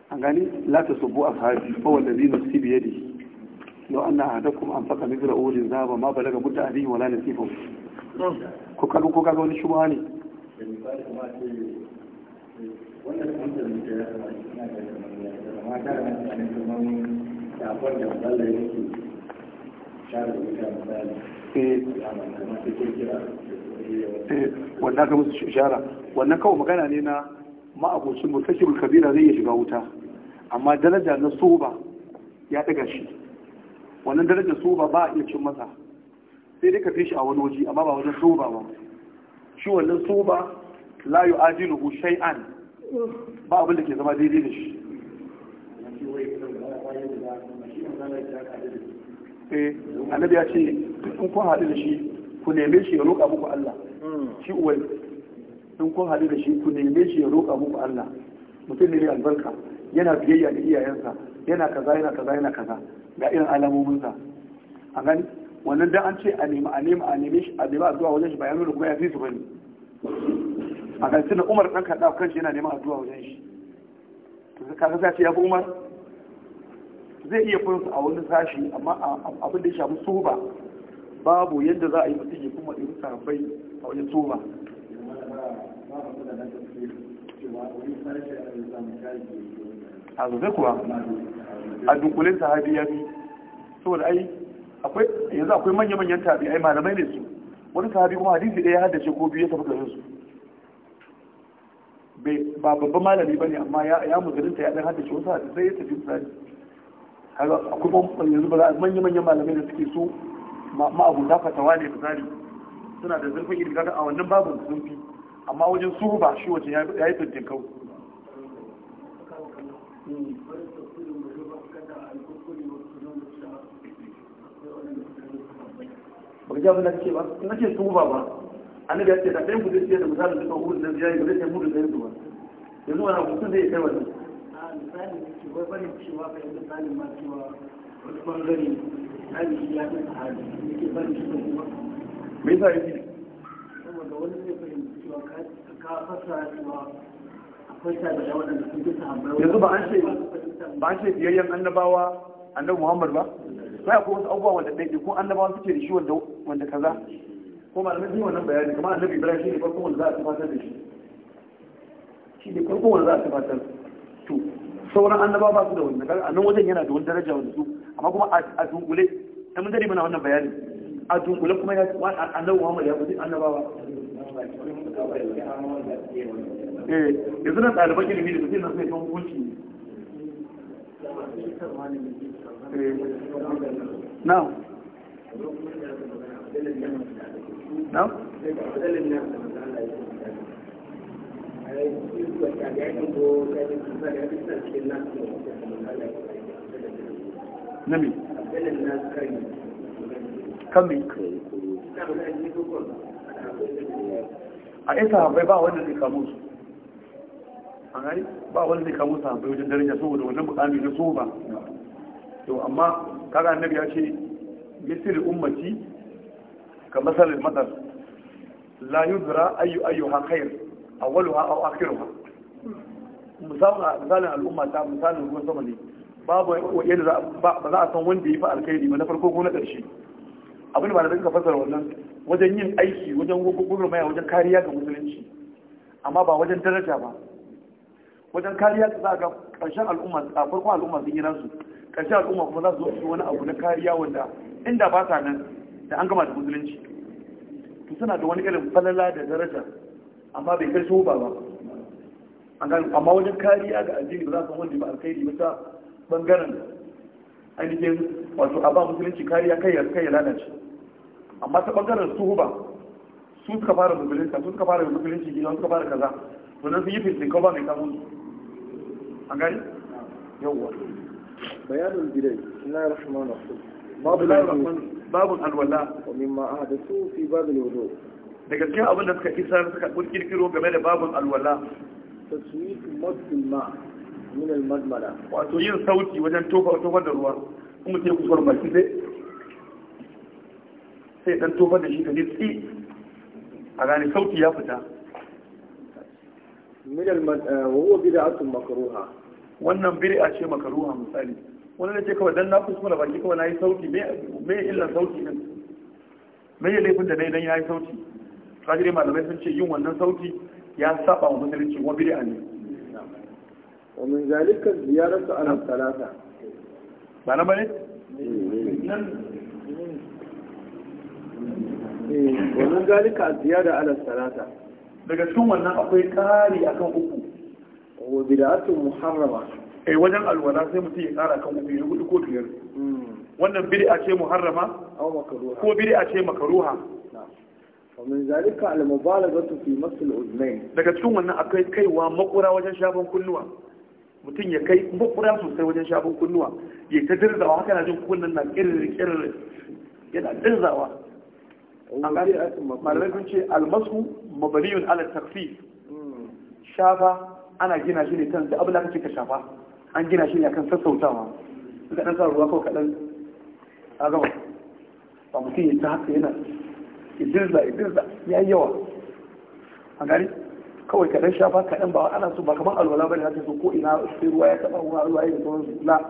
an gani la ta subu ashabi fa wallazi nafsi bi yadi law anna ahadakum anfaqa mithla uhudin zaba ma balaga mutta alihi wala nasifu ko kaga ko kaga wani shubha ne sakon da Allah ya yake share mutane misali eh. eh, wannan ka musu shara wannan kawai magana ne na ma'abocin mutakirul kabira zai iya shiga wuta amma daraja na soba ya daga shi wannan darajar soba ba a iya cin masa sai dai ka fi shi a wani waje amma ba wajen soba ba shi wannan soba la yu'adilu shay'an ba abin da ke zama daidai da shi eh annabi ya ce in kun haɗu da shi ku neme shi ya roƙa muku Allah shi uwai in kun haɗu da shi ku neme shi ya roƙa muku Allah mutum ne mai albarka yana biyayya da iyayensa yana kaza yana kaza yana kaza ga irin alamominsa a gani wannan dan an ce a nemi a nemi a nemi shi a nemi addu'a wajen shi bayan nuna kuma ya fi su bane a gani tunan umar ɗan kaɗa kan shi yana neman addu'a wajen shi to kaga sai ce ya fi umar zai iya kunsu a wani sashi amma abin da ya shafi tsoba babu yadda za a yi mutum ya kuma irin sahabbai a wani tsoba a zai kuwa a dunkulin sahabi ya fi saboda ai yanzu akwai manya-manyan tabi ai malamai ne su wani sahabi kuma hadisi ɗaya haddace ko biyu ya tafi da su ba babban malami ba ne amma ya musulunta ya ɗan haddace wasu hadisai ya tafi misali kaga akwai yanzu ba za a manya manyan malamai da suke so ma ma'abuta fatawa ne misali suna da zurfin ilimi kaga a wannan babu fi amma wajen su ba shi wace ya yi tuntun kau ba ji abin da ke ba na ce su ba ba annabi ya ce da ɗayan ku zai ce da misalin duka hudu da zai yi ba zai ce hudu da yanzu ba yanzu wani abu sun zai kai wannan misali da ke wai barin cewa ka yi ma cewa wani bangare hali shi ya fi sahabi da ke barin shi kuma me yasa yake saboda wani zai fahimci cewa ka fasa cewa akwai sabi da waɗanda sun fi sahabbai yanzu ba an ce ba an ce biyayyen annabawa annabi muhammad ba sai akwai wasu abubuwa wanda ɗaiɗi ko annabawa suke da shi wanda kaza ko malamai sun yi wannan bayani kamar annabi ibrahim shi ne farko wanda za a tabbatar da shi shi ne farko wanda za a tabbatar sauran annaba ba su da wani a nan wajen yana da wani daraja wanda su amma kuma a dunkule ta mun dare mana wannan bayani a dunkule kuma ya annabi Muhammad ya fi annabawa eh yanzu na ɗaliban ilimi da mutum na sai kan hukunci na eh, na nami kami a isa habai ba wanda zai kamu su a gari ba wanda zai kamu su habai wajen saboda wannan bukami na so ba to amma kaga annabi ya ce ka matsalar matar la yudra ayu ayu ha awwaluha aw akhiruha misalin misalin al'umma ta misalin ruwan sama ne babu yadda ba za a san wanda ya fi alkhairi ba na farko ko na ƙarshe abin da ba da suka fasara wannan wajen yin aiki wajen maya wajen kariya ga musulunci amma ba wajen daraja ba wajen kariya za ga ƙarshen al'umma a farkon al'umma sun yi nasu ƙarshen al'umma kuma za su zo su wani abu na kariya wanda inda ba sa nan da an gama da musulunci to suna da wani irin falala da daraja amma bai kai soba ba amma wajen kariya ga addini ba za ka wanda ba alkhairi ba ta bangaren ainihin wato a ba musulunci kariya kai ya kai ya lalace amma ta bangaren suhuba su suka fara musulunci su suka fara musulunci su suka fara kaza wannan sun yi fitin kawo ba mai kamun su an gani yawwa bayanin bidai ina su babu alwala wa mimma su fi ne wudu' daga cikin abin da suka isar suka kirkiro game da babin alwala taswiq masma min almadmala wato yin sauti wajen tofar da ruwa kuma sai kusur baki sai sai dan tofar da shi ka ji tsi a gane sauti ya fita min almadmala eh, wa huwa bid'atun makruha wannan bid'a ce makruha misali wani ne ce kawai dan na kuskura baki kawai na yi sauti me me illan sauti din me ya laifin da dai dan ya yi sauti tsagiri malamai sun ce yin wannan sauti ya saba wa musulunci wa bid'a ne wa min zalika ziyaratu ala salata ba na bane eh, wa min zalika ziyada ala salata daga cikin wannan akwai kari akan uku wa bid'atu muharrama eh wajen alwala sai mutum ya kara kan uku ya hudu ko biyar hmm. wannan bid'a ce muharrama ko bid'a ce makaruha ومن ذلك المبالغة في مس الأذنين daga cikin wannan akwai kaiwa makura wajen shafin kunnuwa mutum ya kai makura sosai wajen shafin kunnuwa ya ta dirzawa haka na jin kunnan na kirri kirri yana dirzawa malamai sun ce almasu mabaliyun ala takfif hmm. shafa ana gina shi ne kan da abin da kake ka shafa an gina shi ne akan sassautawa suka dan sa ruwa ko kadan a gaba ba mutum ya ta haka yana idinza idinza ya yi yawa a gari kawai kaɗan shafa kaɗan ba ana so ba kamar alwala bane haka so ko ina sai ruwa ya taɓa ruwa ruwa ya zuwa la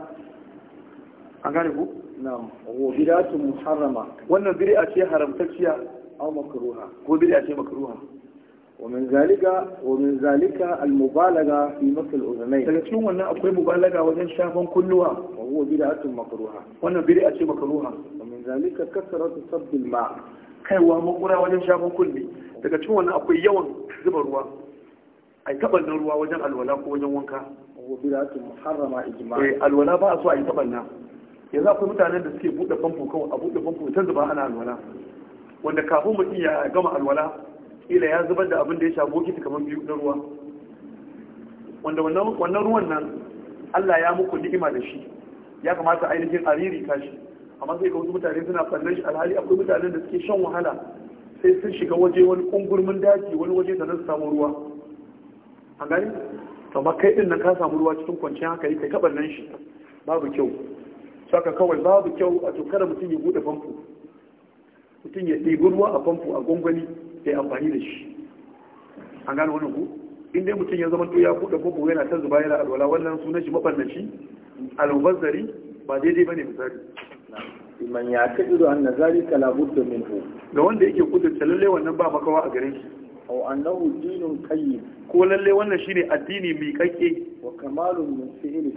a gari ku na'am wa bid'atu muharrama wannan bid'a ce haramtacciya aw makruha ko bid'a ce makruha ومن ذلك ومن ذلك المبالغة في مس الأذنين. تكتشون أن أقوى مبالغة وزن شافون كلها. وهو بدعة مكروهة. وأنا بدعة مكروهة. ومن ذلك كثرة صب الماء. kaiwa makura wajen shafin kunne daga cikin wannan akwai yawan zuba ruwa a yi na ruwa wajen alwala ko wajen wanka eh, alwala ba a so a yi na. yanzu akwai mutanen da suke buɗe famfo kawai a buɗe famfo ta zuba ana alwala wanda kafin mutum ya gama alwala ila ya zubar da abin da ya sha bokiti kamar biyu na ruwa wanda wannan ruwan nan Allah ya muku ni'ima da shi ya kamata ainihin ariri kashi amma sai ga wasu mutane suna fannin shi alhali akwai mutanen da suke shan wahala sai sun shiga waje wani kungurmin daji wani waje da zan samu ruwa a gani to kai din nan ka samu ruwa cikin kwanciyar yi kai kabar nan shi babu kyau saka kawai babu kyau a tokar mutum ya bude famfo mutum ya ɗebi ruwa a famfo a gwangwani ya yi amfani da shi a gane wani ku in dai mutum ya zama to ya bude famfo yana ta zuba yana alwala wannan sunan shi mabannaci alubazzari ba daidai ba ne misali Iman ya ido an nazari kalabu da minhu ga wanda yake kudurta lalle wannan ba makawa a gare shi aw annahu dinun qayyim ko lalle wannan shine addini mai kakke wa kamalun min fi'lihi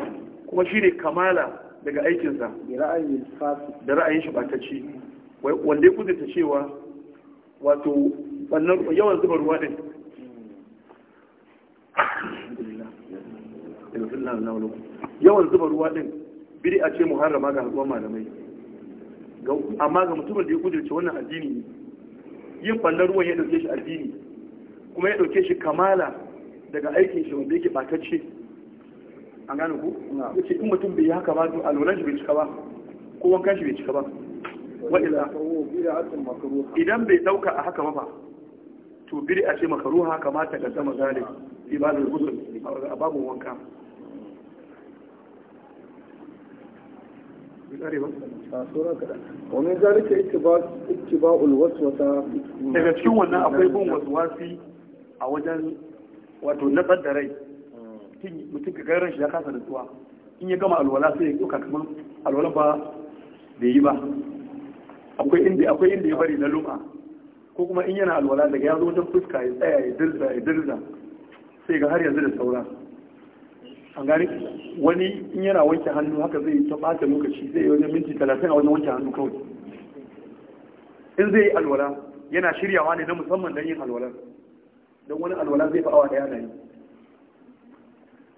kuma shine kamala daga aikinsa da ra'ayin shi batacci wanda ya kudurta cewa wato wannan yawan zubar ruwa din yawan zuba ruwa din a ce muharrama ga haɗuwar malamai amma ga mutumin da ya kudurce wannan addini ne yin ɓallar ruwan ya ɗauke shi addini kuma ya ɗauke shi kamala daga aikin shi wanda yake ɓatacce an gane ku ya ce in mutum bai haka ba to lura shi bai cika ba ko wankan shi bai cika ba idan bai ɗauka a haka ba to biri a ce makaruha kamata ga zama zalim ibadar gusul a babu wanka ومن ذلك اتباع الوسوسة daga cikin wannan akwai bin waswasi a wajen wato natsar da mutum ka gairan shi ya kasa da in ya gama alwala sai ya ɗauka kamar alwala bai yi ba akwai inda ya bari na luma ko kuma in yana alwala daga ya wajen fuska ya ya ya dirza sai ga har yanzu da saura an gane wani in yana wanke hannu haka zai ta bata lokaci zai yi wajen minti talatin a wajen wanke hannu kawai in zai yi alwala yana shiryawa ne na musamman don yin alwala don wani alwala zai fi awa daya na yi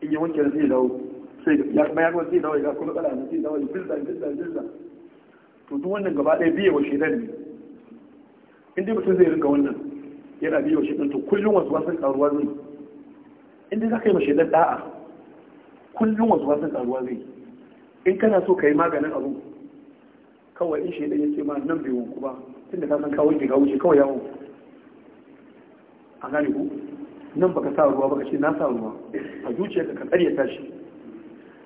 in yi wanke zai dawo sai ya bayan wani zai dawo ya kuma kala zai dawo ya bilza bilza bilza to duk wannan gaba ɗaya biye wa shedan ne in dai mutum zai rinka wannan yana biye wa shedan to kullum wasu wasan karuwa zai in dai za ka yi ma shedan da'a kullum wasu wasan karuwa zai in kana so ka yi maganin abu kawai in shaidan ya ce ma nan bai wanku ba tunda ka san kawai ga wuce kawai yawon a gane ku nan baka sa ruwa baka ce na sa ruwa a zuciyarka ka tsare ta shi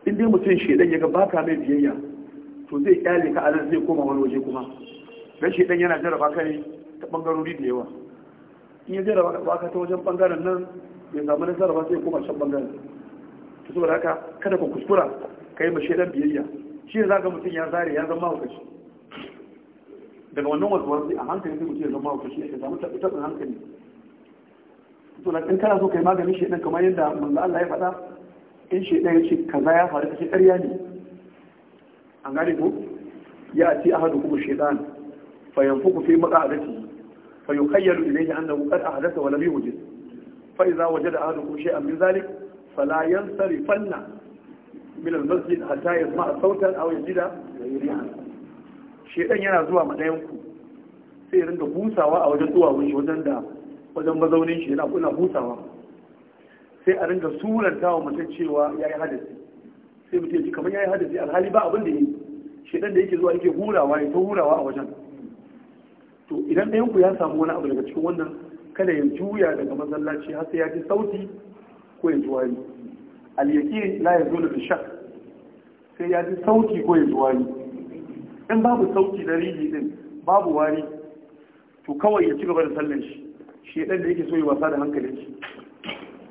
in dai mutum shaidan ya ga baka mai biyayya to zai kyale ka anan zai koma wani waje kuma dan shaidan yana jarraba ka ne ta bangarori da yawa in ya jarraba ka ta wajen bangaren nan ya samu nasara ba sai koma can bangaren to saboda haka kada ku kuskura kai ma shedan biyayya shi ne zaka mutum ya zare ya zama hukaci daga wannan wasu-wasu, a hankali sai mutum ya zama hukaci ya samu tabbatar hankali to na in kana so kai maganin shedan kamar yadda manzo Allah ya faɗa in shedan ya ce kaza ya faru kace ƙarya ne an gane ko ya kuma shedan shaytan fayanfuku fi maq'adatihi fayukhayyalu ilayhi annahu qad ahdatha wa lam yujid fa idza wajada ahadukum shay'an min dhalik fala yansari fanna min al-masjid hatta yasma sautan aw yajida shedan yana zuwa madayan ku sai ya ringa busawa a wajen duwawun shi wajen da wajen mazaunin shi yana kuna busawa sai a ringa suranta wa mutum cewa yayi hadisi sai mutum ya ji kamar yayi hadisi alhali ba abin da yi shedan da yake zuwa yake hurawa ya ta hurawa a wajen to idan ɗayan ku ya samu wani abu daga cikin wannan kada ya juya daga masallaci har sai ya ji sauti ko ya zuwayi al-yaqin la zo da shakk sai ya ji sauki ko ya zuwayi in babu sauki da rihi din babu wari to kawai ya ci gaba da sallan shi shi dan da yake so ya wasa da hankalin shi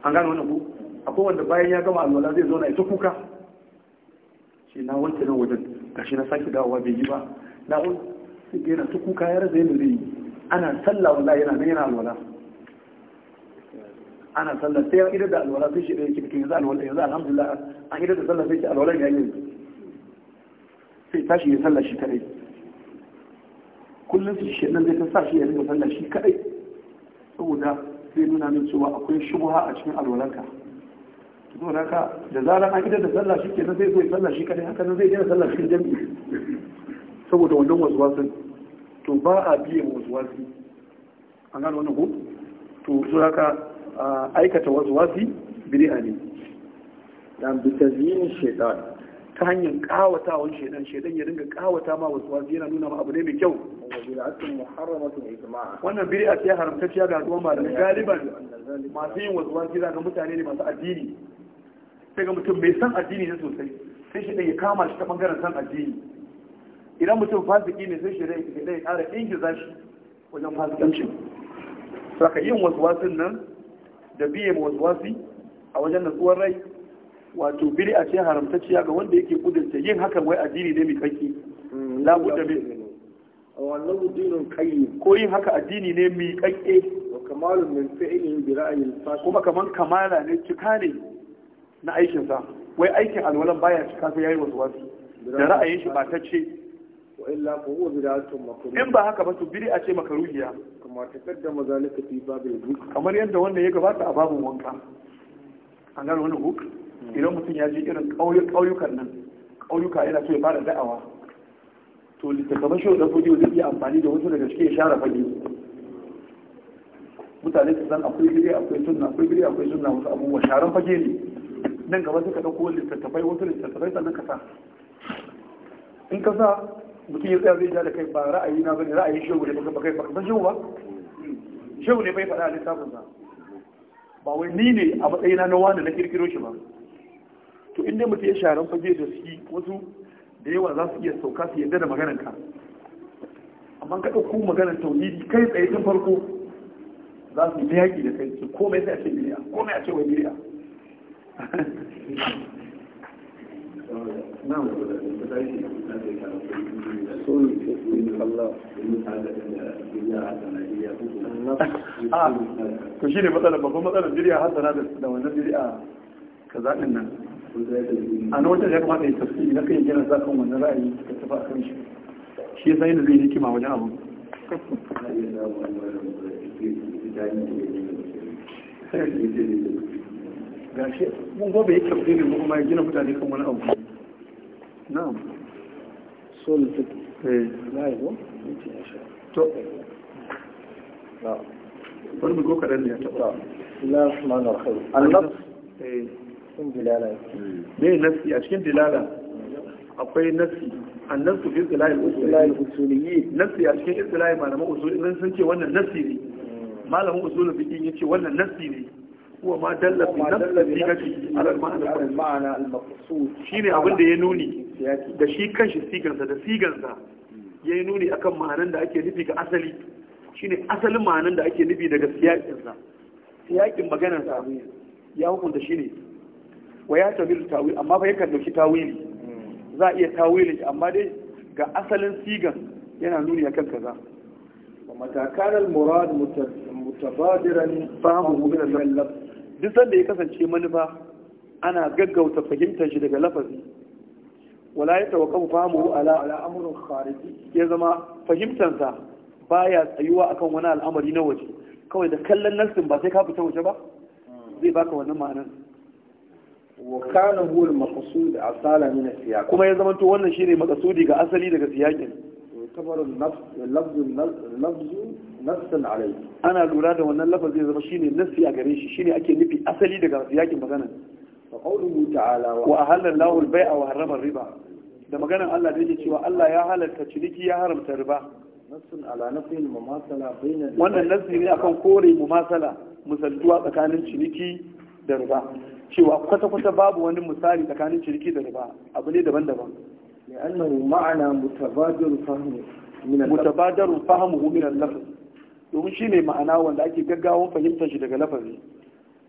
an gano wannan ko akwai wanda bayan ya gama alwala zai zo na ita kuka shi na wanke nan wajen gashi na sake dawowa bai yi ba na wani sai yana ta kuka ya raza yadda zai yi ana sallah wallahi yana nan yana alwala ana sallar sai an idar da alwala sai shi da yake cikin yanzu alwala yanzu alhamdulillah an idar da sallar sai shi alwala ya yi sai tashi ya sallar shi kadai kullum su shi nan zai ta sa shi ya rinka sallar shi kadai saboda sai nuna min cewa akwai shubha a cikin alwalanka to haka da zarar an idar da sallar shi kenan zai zo ya sallar shi kadai haka nan zai daina sallar shi jami'i saboda wannan wasu wasan to ba a biye wasu wasu an gano wannan ko to haka aikata wasu wasi bid'a ne dan bi tazyin ta hanyar kawata wani shaidan, shaidan ya dinga kawata ma wasu wasi yana nuna ma abu ne mai kyau wannan bid'a ce haramtacciya ga al'umma da galiban masu yin wasu wasi za ga mutane ne masu addini sai ga mutum mai san addini ne sosai sai shi ya kama shi ta bangaren san addini idan mutum fasiki ne sai shi ya ƙara ingiza shi wajen fasikancin saka yin wasu wasin nan da biye wasuwasi a wajen natsuwar rai wato biri a ce haramtacciya ga wanda yake kudinta yin hakan wai addini ne mai kanki hmm, la mai min wannan dinin kai ko yin haka addini ne mai kanke kamalun min fi'lin bi ra'yin kuma kaman kamala ne cika ne na aikin sa wai aikin alwalan baya cika sai yayi wasu wasu da ra'ayin shi ba ta ce in ba haka ba su a ce makaruhiya fi kamar yadda wanda ya gabata a babin wanka an gano wani huk hmm. idan mutum ya je irin ƙauyukan nan ƙauyuka yana so ya fara da'awa to littattafan shi da fujiyo zai iya amfani da wasu daga cikin share fage mutane su san akwai gire akwai sunna akwai gire akwai sunna wasu abubuwa sharan fage ne nan gaba suka ɗauko littattafai wasu littattafai sannan ka sa in ka sa mutum ya tsaya zai ja da kai ba ra'ayi na bane ra'ayi shehu ne baka kai baka shehu ba shehu ne bai faɗa a littafin sa ba wai ni ne a matsayina na wani na kirkiro shi ba to inda mutum ya sharan fage da su wasu da yawa za su iya sauka su yadda da maganar ka amma ka ɗauko maganar tauhidi kai tsaye tun farko za su yi yaƙi da kai komai sai a ce biriya komai a ce wai نعم to shi ne matsalar babban matsalar jiriya hasana da wannan jiriya kaza din nan a na wajen ya kamata ya tafsiri na kai gina zakan wannan ra'ayi ka tafi a kan shi shi ya sani da zai hikima wajen abu Thank you. gashi mun gobe yake tafsirin mu kuma ya gina mutane kan wani abu na'am sol Na eh lai oh, go to na'am bari mu go kadan ne ya taɓa bismillahir rahmanir rahim annab eh sun dilala ne nafsi a cikin dilala akwai nafsi annasu fi istilahi usuliyyi nafsi a cikin istilahi malaman usuli sun ce wannan nafsi ne hmm. malamin usulul ya yace wannan nafsi ne هو ما دل في نفس السيغة على المعنى المقصود abin da ya nuni da shi kanshi sigansa, da sigansa ya yi nuni akan ma'anan da ake nufi ga asali shine asalin ma'anan da ake nufi daga siyakinsa siyakin maganar sa ya hukunta shine wa ya tawilu tawil amma fa yakan dauki tawili hmm. za a iya tawili amma dai ga asalin sigan yana nuni akan kaza wa matakan al-murad mutabadiran fahimu min duk sanda ya kasance manufa ana gaggauta fahimtar shi daga lafazi wala ya tawakkafu fahimu ala al'amurin khariji ya zama fahimtansa baya tsayuwa akan wani al'amari na waje kawai da kallon nassin ba sai ka fita waje ba zai baka wannan ma'anar wa kana huwa al-maqsud asala min as-siyaq kuma ya zama to wannan shine maqsudi ga asali daga siyakin tabarun lafzun nassan alai ana lura da wannan lafazi zai zama shine nassi a gare shi shine ake nufi asali daga yakin magana fa qawluhu ta'ala wa ahalla Allahu al-bai'a wa harrama riba da maganar Allah da yake cewa Allah ya halarta ciniki ya haramta riba nassun ala nafil mumasala bayna wannan nassi ne akan kore mumasala musaltuwa tsakanin ciniki da riba cewa kwata-kwata babu wani misali tsakanin ciniki da riba abu ne daban-daban لأنه معنى متبادر فهمه من اللفظ فهمه من اللفظ domin shi ne ma'ana wanda ake gaggawan fahimtar shi daga lafazi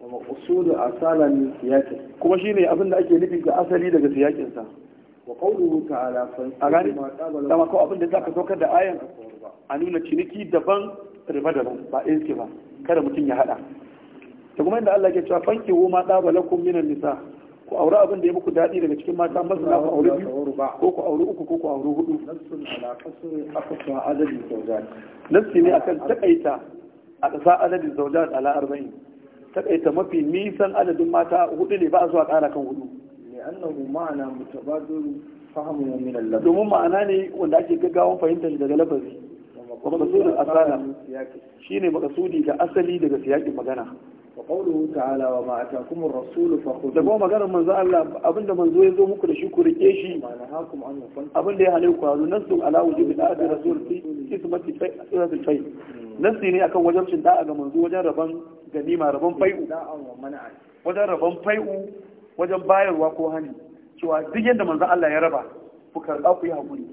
wa usulu asala siyaqi kuma shi ne abin ake nufi ga asali daga siyaqin sa wa qawluhu ta'ala fa gani ko abin da zaka saukar da ayan a nuna ciniki daban riba daban ba ɗaya ba kada mutum ya hada da kuma inda Allah ke cewa fanki ma ɗaba minan nisa' ku aure abin da ya muku daɗi daga cikin mata masu na ku aure biyu ko ku aure uku ko ku aure hudu nassi ne akan takaita a ƙasa adadin zaujat ala arba'in takaita mafi nisan adadin mata hudu ne ba a zuwa ƙara kan hudu domin ma'ana ne wanda ake gaggawan fahimtar daga lafazi wa makasudin asala shi shine makasudi da asali daga siyaƙin magana وقوله تعالى وما اتاكم الرسول فخذوه دقوا مقالا من ذا الله أبن من ذو يزو مكر شكر كيشي ما نهاكم عنه فانتم أبن لي عليك هذا نزل على وجب الآب رسول في اسمة سورة الفيل نزل لي أكو وجب شداء من ذو ربان جنيمة ربان فيء وجب ربان فيء وجب باير وكوهاني cewa duk yadda manzan Allah ya raba ku karɓa ku yi hakuri.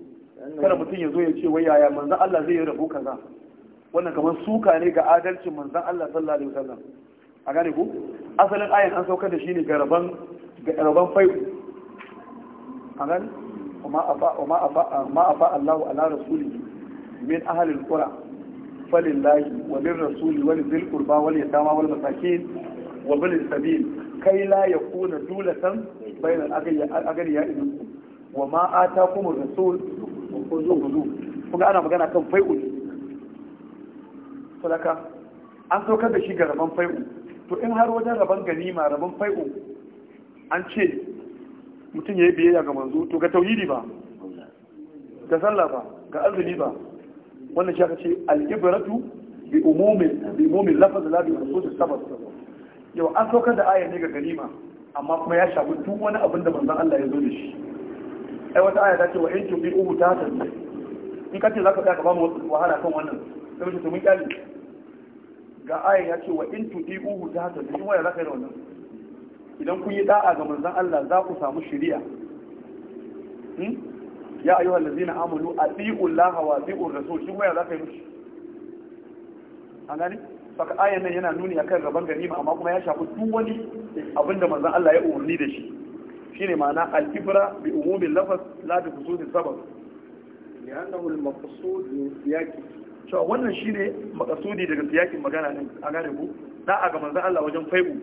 kada mutum ya zo ya ce wai yaya manzan Allah zai yi rabo kaza wannan kamar suka ne ga adalcin manzan Allah sallallahu alaihi wasallam a gane ku asalin ayin an saukar da shi ne garaban garaban fai'u a gane ma afa Allahu ala rasuli min kura falin falillahi wani rasuli wani zilkurba wani dama wani wal wa bil sabin kai la ya kuna dula san bayanan agari ya ku wa ma atakum ar-rasul khudhuhu kuma ana magana kan fai'u sadaka an saukar da shi garaban fai'u to in har wajen rabon ganima rabon fai'o an ce mutum ya yi biyayya ga manzo to ga tauhidi ba ga sallah ba ga azumi ba wannan shi aka ce al'ibratu bi umumin bi umumin lafaz la bi khusus sabab yau an saukar da aya ne ga ganima amma kuma ya shafi duk wani abin da manzon Allah ya zo da shi ai wata aya ta ce wa in bi ubu ta ta in ka ce zaka ka ba mu wahala kan wannan sai mu ce mun kyale ga aya ya ce wa in tuɗi uhu ta hasa cikin waya za ka yi da wannan idan kun yi da'a ga manzan Allah za ku samu shiriya hmm? ya ayu hallazina amalu a ɗi'un wa ɗi'un rasul shi waya za ka yi mushi A gani saka ayan nan yana nuni akan gaban ganima amma kuma ya shafi duk wani abinda manzan Allah ya umarni da shi shine ma'ana al-ibra bi umumin lafaz la bi khususi sabab li'annahu al-maqsud min siyaqi cewa wannan shi ne makasudi daga siyakin magana ne a gane ku a ga manzon Allah wajen faibu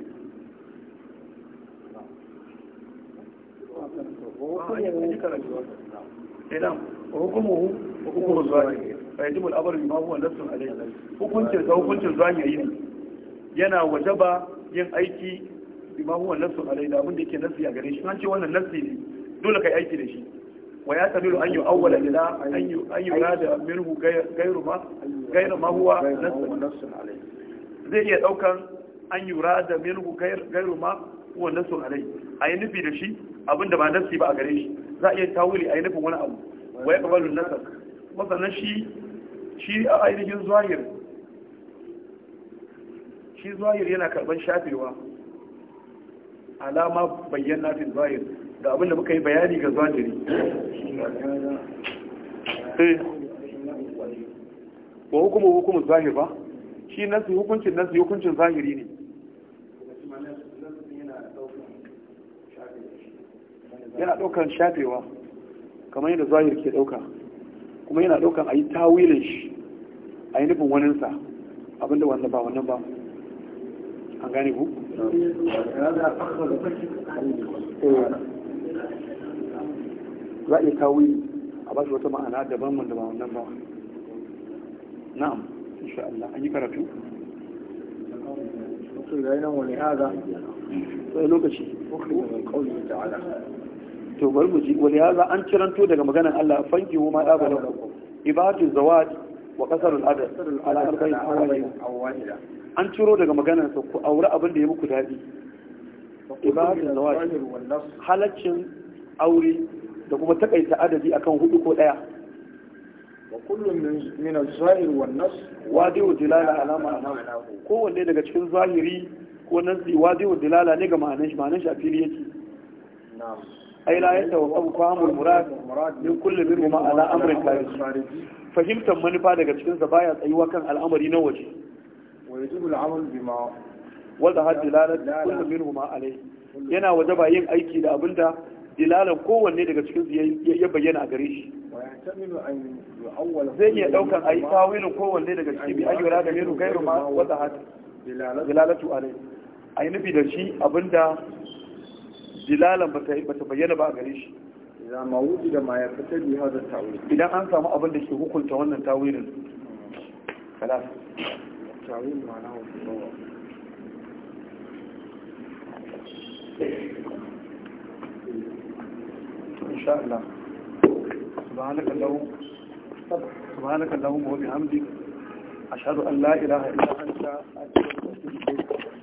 hukumuhu eh, hukumu hukuncin zuwa hukuncin ne yana waje ba yin aiki imamuwan nassun nafsun alayhi da da yake nafsi a gare shi an ce wannan nafsi ne dole ka yi aiki da shi wa ya tamilu an yi awwala da minhu gairu ma gairu ma huwa nasun zai iya daukan an da minhu gairu ma huwa nasun alai a nufi da shi abinda ba nasi ba a gare shi za a iya tawuli a yi nufin wani abu wa ya kabalu nasar masanan shi a ainihin zahir yana karban shafewa alama bayyana fil zahir da abinda muka yi bayani ga zahiri ba eh. hukumu hukumu zahir ba shi nasu hukuncin nasu hukuncin zahiri ne yana daukan shafewa kamar yadda zahir ke dauka kuma yana daukan a yi tawilin shi a yi nufin waninsa abinda wannan ba wannan ba an gane ku? Eh. za a iya kawo yi a ba shi wata ma'ana daban wanda ba wannan ba na'am insha Allah an yi karatu to ga yana wani haza sai lokaci to bari mu ji wani haza an ciranto daga maganar Allah fanki ma da ba zawad wa qasarul adad ala arba'in an ciro daga maganar sa ku aure abin da ya muku dadi ibatu zawad halaccin aure da kuma takaita adadi akan hudu ko daya wa kullum min az-zahir wan nas wadi'u dilala ala ma'ana kowanne daga cikin zahiri ko nan nasi wa dilala ne ga ma'anar shi ma'anar shi a fili yake na'am ai la yatawaffu fahmul murad min kulli minhum ala amrin khariji fahimtar manufa daga cikin sa baya tsayuwa kan al'amari na waje wa yajibu al-amal bima wada hadilalat kullu minhum alayhi yana wajaba yin aiki da abinda dilalan kowanne daga cikin su ya bayyana a gare shi zai iya daukan a yi tawilin kowanne daga cikin bi an da gairu gairu ma wata hata dilalatu a a yi nufi da shi abinda dilalan ba ta bayyana ba a gare shi idan an samu abin da ke hukunta wannan tawilin kalas tawilin إن شاء الله سبحانك اللهم سبحانك اللهم وبحمدك أشهد أن لا إله إلا أنت أستغفرك